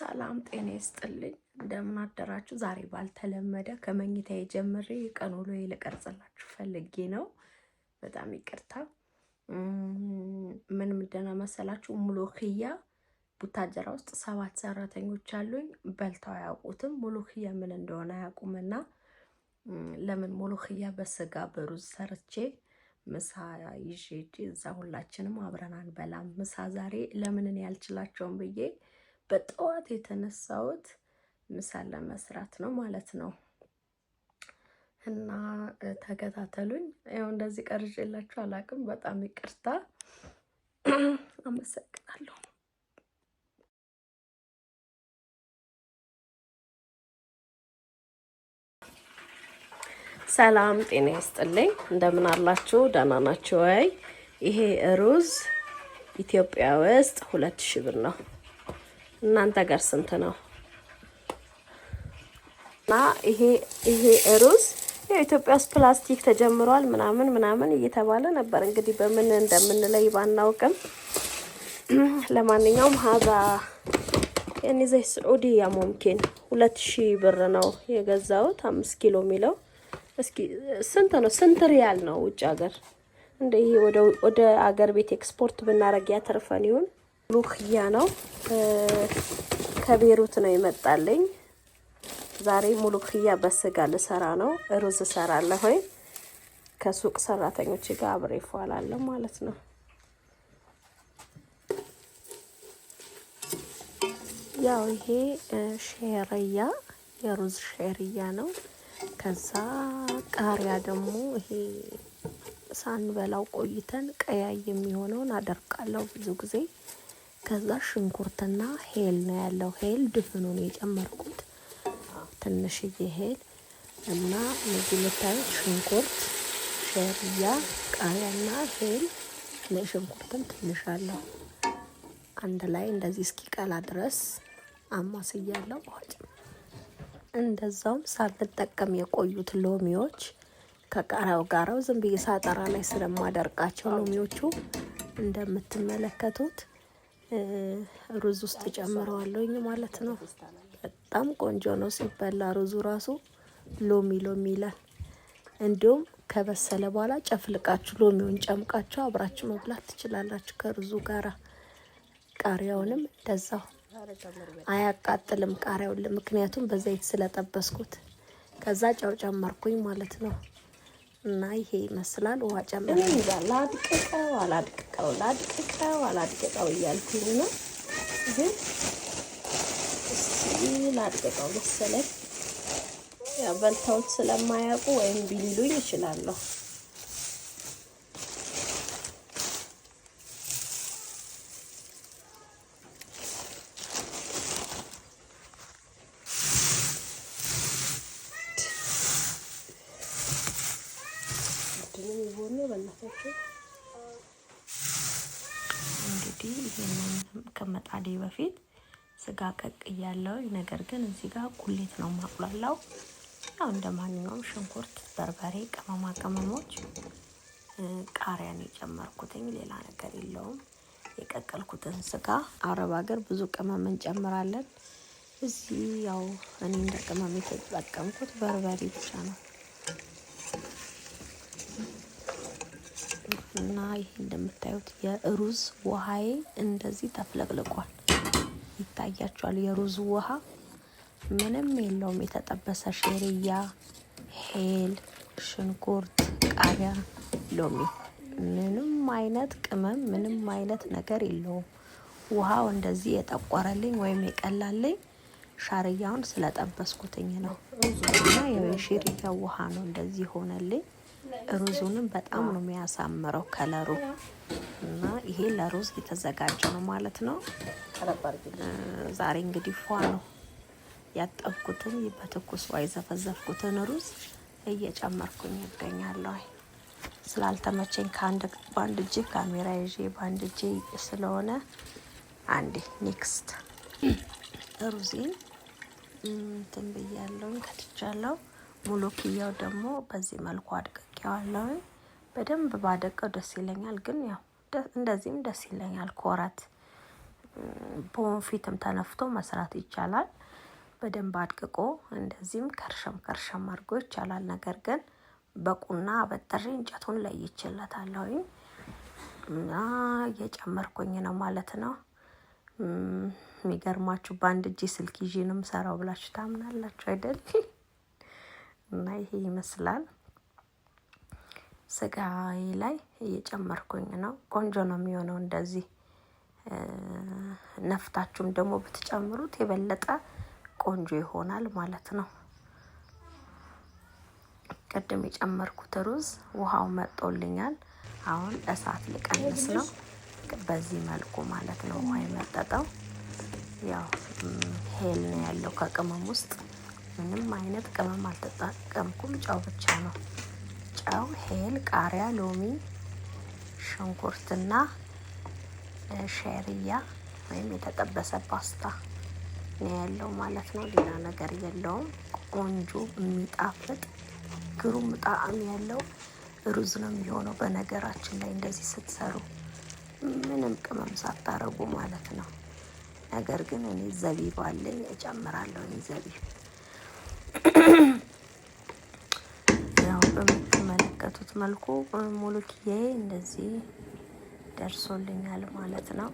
ሰላም ጤና ይስጥልኝ። እንደምን አደራችሁ? ዛሬ ባልተለመደ ከመኝታ ጀምሬ የቀን ውሎዬ ልቀርጽላችሁ ፈልጌ ነው። በጣም ይቅርታ። ምን ምደና መሰላችሁ? ሙሉ ክያ ቡታጀራ ውስጥ ሰባት ሰራተኞች አሉኝ። በልተው አያውቁትም። ክያ ምን እንደሆነ አያውቁምና ለምን ክያ በስጋ በሩዝ ሰርቼ ምሳ ይዤ እዛ ሁላችንም አብረን አንበላም ምሳ ዛሬ ለምንን እኔ ያልችላቸውም ብዬ በጠዋት የተነሳሁት ምሳ ለመስራት ነው ማለት ነው። እና ተከታተሉኝ። ያው እንደዚህ ቀርጬላችሁ አላቅም። በጣም ይቅርታ። አመሰግናለሁ። ሰላም ጤና ይስጥልኝ። እንደምን አላችሁ? ደህና ናችሁ ወይ? ይሄ ሩዝ ኢትዮጵያ ውስጥ ሁለት ሺህ ብር ነው። እናንተ ጋር ስንት ነው? እና ይሄ ይሄ ሩዝ የኢትዮጵያ ውስጥ ፕላስቲክ ተጀምሯል ምናምን ምናምን እየተባለ ነበር። እንግዲህ በምን እንደምንለይ ባናውቅም፣ ለማንኛውም ሀዛ የኔ ዘይ ስዑዲ ያ ሙምኪን ሁለት ሺህ ብር ነው የገዛሁት። አምስት ኪሎ የሚለው እስኪ ስንት ነው? ስንት ሪያል ነው ውጭ ሀገር? እንደ ይሄ ወደ አገር ቤት ኤክስፖርት ብናረግ ያተርፈን ይሁን ሉክያ ነው ከቤሩት ነው የመጣልኝ። ዛሬ ሙሉክያ በስጋ ልሰራ ነው። ሩዝ እሰራለሁ ወይ ከሱቅ ሰራተኞች ጋር አብሬ ፏላለሁ ማለት ነው። ያው ይሄ ሼርያ የሩዝ ሼርያ ነው። ከዛ ቃሪያ ደግሞ ይሄ ሳንበላው ቆይተን ቀያይ የሚሆነውን አደርቃለሁ ብዙ ጊዜ ከዛ ሽንኩርትና ሄል ነው ያለው። ሄል ድፍኑን የጨመርኩት ትንሽዬ ሄል እና እነዚህ የምታዩት ሽንኩርት፣ ሸሪያ፣ ቃሪያና ሄል ለሽንኩርትም ትንሽ አለው አንድ ላይ እንደዚህ እስኪቀላ ድረስ አማስያለው። እንደዛውም ሳልጠቀም የቆዩት ሎሚዎች ከቃሪያው ጋራው ዝም ብዬ ሳጠራ ላይ ስለማደርቃቸው ሎሚዎቹ እንደምትመለከቱት ሩዝ ውስጥ ጨምረዋለሁኝ ማለት ነው። በጣም ቆንጆ ነው ሲበላ ሩዙ ራሱ ሎሚ ሎሚ ይላል። እንዲሁም ከበሰለ በኋላ ጨፍልቃችሁ ሎሚውን ጨምቃችሁ አብራችሁ መብላት ትችላላችሁ ከሩዙ ጋራ። ቃሪያውንም እንደዛው አያቃጥልም ቃሪያውን፣ ምክንያቱም በዘይት ስለጠበስኩት። ከዛ ጨው ጨመርኩኝ ማለት ነው። እና ይሄ ይመስላል። ውሃ ጨምር እንዛ ላድቅቀው አላድቅቀው ላድቅቀው አላድቅቀው እያልኩኝ ነው፣ ግን እስኪ ላድቅቀው መሰለኝ። ያው በልተውት ስለማያውቁ ወይም ቢሊሉኝ ይችላለሁ። አለችው። እንግዲህ ይሄንን ከመጣዴ በፊት ስጋ ቀቅ እያለው ነገር ግን እዚህ ጋር ቁሌት ነው ማቁላላው። ያው እንደ ማንኛውም ሽንኩርት፣ በርበሬ፣ ቅመማ ቅመሞች፣ ቃሪያን የጨመርኩትኝ ሌላ ነገር የለውም። የቀቀልኩትን ስጋ አረብ ሀገር ብዙ ቅመም እንጨምራለን። እዚህ ያው እኔ እንደ ቅመም የተጠቀምኩት በርበሬ ብቻ ነው። እና ይሄ እንደምታዩት የሩዝ ውሃዬ እንደዚህ ተፍለቅልቋል። ይታያቸዋል። የሩዝ ውሃ ምንም የለውም። የተጠበሰ ሽርያ ሄል፣ ሽንኩርት፣ ቃሪያ፣ ሎሚ ምንም አይነት ቅመም ምንም አይነት ነገር የለውም። ውሃው እንደዚህ የጠቆረልኝ ወይም የቀላልኝ ሻርያውን ስለጠበስኩትኝ ነው እና የሼሪያ ውሃ ነው እንደዚህ ሆነልኝ። ሩዙንም በጣም ነው የሚያሳምረው ከለሩ እና ይሄ ለሩዝ የተዘጋጀ ነው ማለት ነው። ዛሬ እንግዲህ ፏ ነው ያጠብኩትን በትኩስ ዋይ ዘፈዘፍኩትን ሩዝ እየጨመርኩኝ ይገኛለሁ። ስላልተመቸኝ ከአንድ በአንድ እጄ ካሜራ ይዤ በአንድ እጄ ስለሆነ አንዴ ኔክስት ሩዚን እንትን ብያለሁኝ ከትቻለሁ። ሙሉ ክያው ደግሞ በዚህ መልኩ አድቅ አድርጌዋለሁ። በደንብ ባደቀው ደስ ይለኛል፣ ግን ያው እንደዚህም ደስ ይለኛል። ኮረት በወንፊትም ተነፍቶ መስራት ይቻላል። በደንብ አድቅቆ እንደዚህም ከርሸም ከርሸም አድርጎ ይቻላል። ነገር ግን በቁና አበጥሬ እንጨቱን ለይችለታለሁኝ እና እየጨመርኩኝ ነው ማለት ነው። የሚገርማችሁ በአንድ እጅ ስልክ ይዤ ነው የምሰራው ብላችሁ ታምናላችሁ አይደል? እና ይሄ ይመስላል። ስጋዬ ላይ እየጨመርኩኝ ነው። ቆንጆ ነው የሚሆነው እንደዚህ። ነፍታችሁም ደግሞ ብትጨምሩት የበለጠ ቆንጆ ይሆናል ማለት ነው። ቅድም የጨመርኩት ሩዝ ውሃው መጦልኛል። አሁን እሳት ልቀንስ ነው። በዚህ መልኩ ማለት ነው። ውሃ የመጠጠው ያው ሄል ነው ያለው። ከቅመም ውስጥ ምንም አይነት ቅመም አልተጠቀምኩም፣ ጨው ብቻ ነው። ጨው፣ ሄል፣ ቃሪያ፣ ሎሚ፣ ሽንኩርትና ሸሪያ ወይም የተጠበሰ ፓስታ ነው ያለው ማለት ነው። ሌላ ነገር የለውም። ቆንጆ የሚጣፍጥ ግሩም ጣዕም ያለው ሩዝ ነው የሚሆነው። በነገራችን ላይ እንደዚህ ስትሰሩ ምንም ቅመም ሳታረጉ ማለት ነው። ነገር ግን እኔ ዘቢብ አለኝ እጨምራለሁ ዘቢብ በምትመለከቱት መልኩ ሙሉክዬ እንደዚህ ደርሶልኛል ማለት ነው።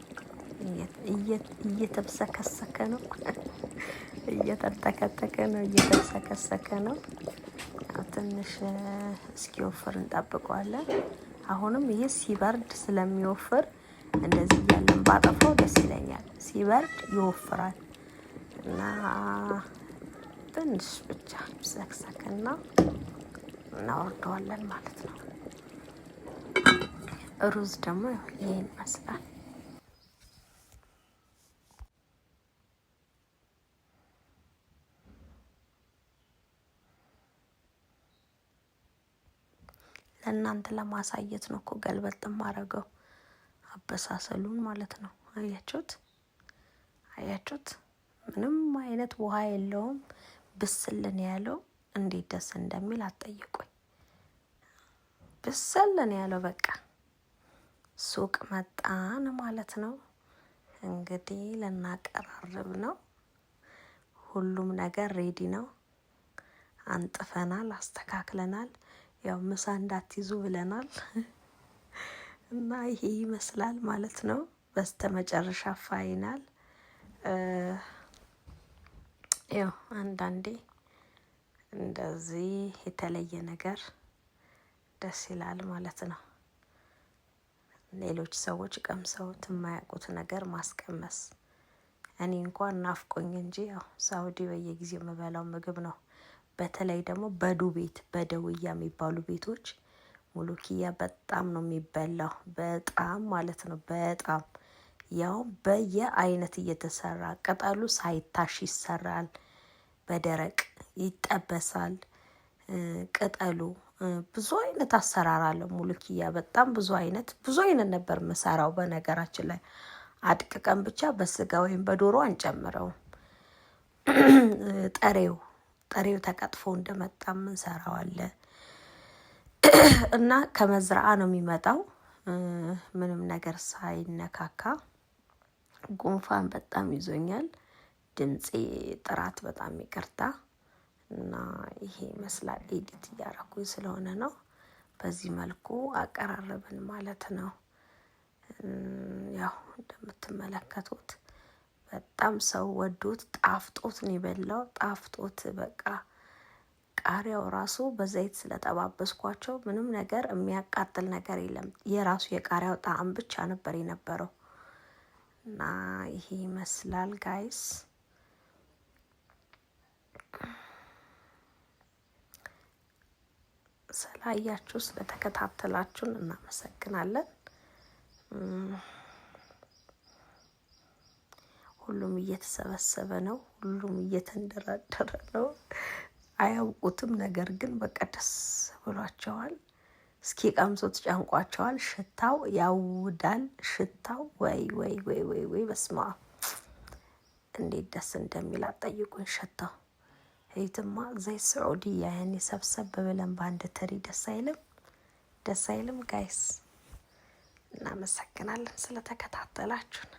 እየተብሰከሰከ ነው፣ እየተንተከተከ ነው፣ እየተብሰከሰከ ነው። ትንሽ እስኪወፍር እንጠብቀዋለን። አሁንም ይህ ሲበርድ ስለሚወፍር እንደዚህ እያለን ባጠፋው ደስ ይለኛል። ሲበርድ ይወፍራል እና ትንሽ ብቻ ሰክሰክና እናወርደዋለን ማለት ነው። ሩዝ ደግሞ ይሄን ይመስላል። ለእናንተ ለማሳየት ነው እኮ ገልበጥ ማረገው አበሳሰሉን ማለት ነው። አያችሁት? አያችሁት? ምንም አይነት ውሃ የለውም። ብስልን ያለው እንዴት ደስ እንደሚል አትጠይቁኝ። ብሰለን ያለው በቃ ሱቅ መጣን ማለት ነው። እንግዲህ ልናቀራርብ ነው። ሁሉም ነገር ሬዲ ነው። አንጥፈናል፣ አስተካክለናል። ያው ምሳ እንዳትይዙ ብለናል እና ይሄ ይመስላል ማለት ነው። በስተ መጨረሻ ፋይናል ያው አንዳንዴ እንደዚህ የተለየ ነገር ደስ ይላል ማለት ነው። ሌሎች ሰዎች ቀምሰውት የማያውቁት ነገር ማስቀመስ እኔ እንኳን ናፍቆኝ እንጂ ያው ሳውዲ በየጊዜው የምበላው ምግብ ነው። በተለይ ደግሞ በዱ ቤት በደውያ የሚባሉ ቤቶች ሙሉ ኪያ በጣም ነው የሚበላው። በጣም ማለት ነው በጣም ያው በየ አይነት እየተሰራ ቅጠሉ ሳይታሽ ይሰራል በደረቅ ይጠበሳል። ቅጠሉ ብዙ አይነት አሰራር አለ። ሙሉኪያ በጣም ብዙ አይነት ብዙ አይነት ነበር ምሰራው። በነገራችን ላይ አድቅቀን ብቻ በስጋ ወይም በዶሮ አንጨምረውም። ጥሬው ጠሬው ተቀጥፎ እንደመጣ ምንሰራው አለ እና ከመዝራአ ነው የሚመጣው ምንም ነገር ሳይነካካ። ጉንፋን በጣም ይዞኛል። ድምፄ ጥራት በጣም ይቅርታ። እና ይሄ ይመስላል። ኤዲት እያረኩኝ ስለሆነ ነው። በዚህ መልኩ አቀራረብን ማለት ነው። ያው እንደምትመለከቱት በጣም ሰው ወዶት ጣፍጦት ነው የበላው። ጣፍጦት በቃ ቃሪያው ራሱ በዘይት ስለጠባበስኳቸው ምንም ነገር የሚያቃጥል ነገር የለም። የራሱ የቃሪያው ጣዕም ብቻ ነበር የነበረው እና ይሄ ይመስላል ጋይስ። ስላያችሁ ስለተከታተላችሁን እናመሰግናለን። ሁሉም እየተሰበሰበ ነው። ሁሉም እየተንደራደረ ነው። አያውቁትም፣ ነገር ግን በቃ ደስ ብሏቸዋል። እስኪ ቀምሶት ጫንቋቸዋል። ሽታው ያውዳል። ሽታው ወይ ወይ ወይ ወይ ወይ፣ በስማ እንዴት ደስ እንደሚል አጠይቁኝ። ሽታው ኢትማቅ ዘይ ስዑድያ ያኔ ሰብሰብ ብለን በአንድ ትሪ ደስ አይልም? ደስ አይልም? ጋይስ እናመሰግናለን ስለተከታተላችሁን።